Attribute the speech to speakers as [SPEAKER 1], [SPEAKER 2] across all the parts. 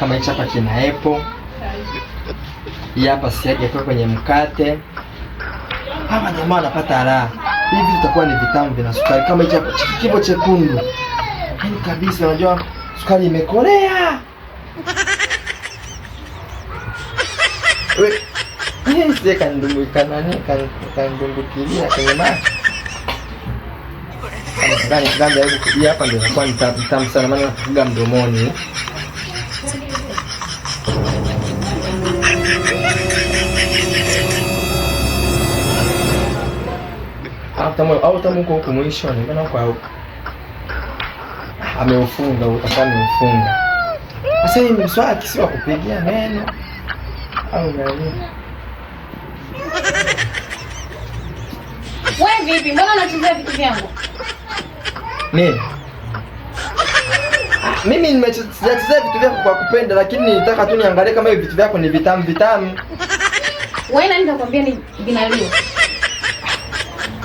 [SPEAKER 1] kama hichi hapa kina epo Hii hapa siagi yakiwa kwenye mkate. Hawa jamaa wanapata raha. Hivi vitakuwa ni vitamu vina sukari kama hichi hapa kibo chekundu. Yaani kabisa unajua sukari imekolea. Wewe eh, Sije kandungu kanani kandungukilia kwenye maji. Ndani ndani hapa ndio inakuwa ni tamu sana maana nakufuga mdomoni. tamu au tamu huko huko mwisho ni maana kwa huko ameufunga utakuwa Sasa hii mswaki si wa kupigia meno au
[SPEAKER 2] Wewe vipi? Mbona vitu vyangu?
[SPEAKER 1] Mimi nimechezea vitu vyako kwa kupenda, lakini nitaka tu niangalie kama hivi vitu vyako ni vitamu vitamu.
[SPEAKER 2] Wewe nani ni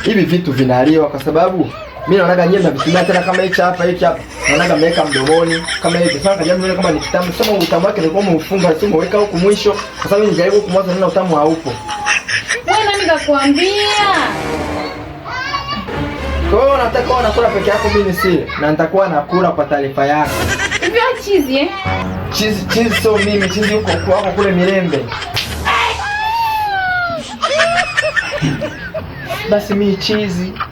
[SPEAKER 1] hivi vitu vinaliwa kwa sababu mimi naona naonaga na navitumia tena kama hicho hapa hicho hapa. Naonaga mmeweka mdomoni kama hivi. Sasa kama mimi kama ni kitamu, sema utamu wake nilikuwa mfunga sio umeweka huko mwisho. Kwa sababu nijaribu kumwaza nina utamu haupo.
[SPEAKER 2] Wewe nani kakuambia?
[SPEAKER 1] Kwa hiyo nataka wewe unakula peke yako mimi si na nitakuwa nakula kwa taarifa yako.
[SPEAKER 2] Hivyo chizi eh?
[SPEAKER 1] Chizi chizi so mimi, chizi huko kwa kule Mirembe. da Simi Cheese.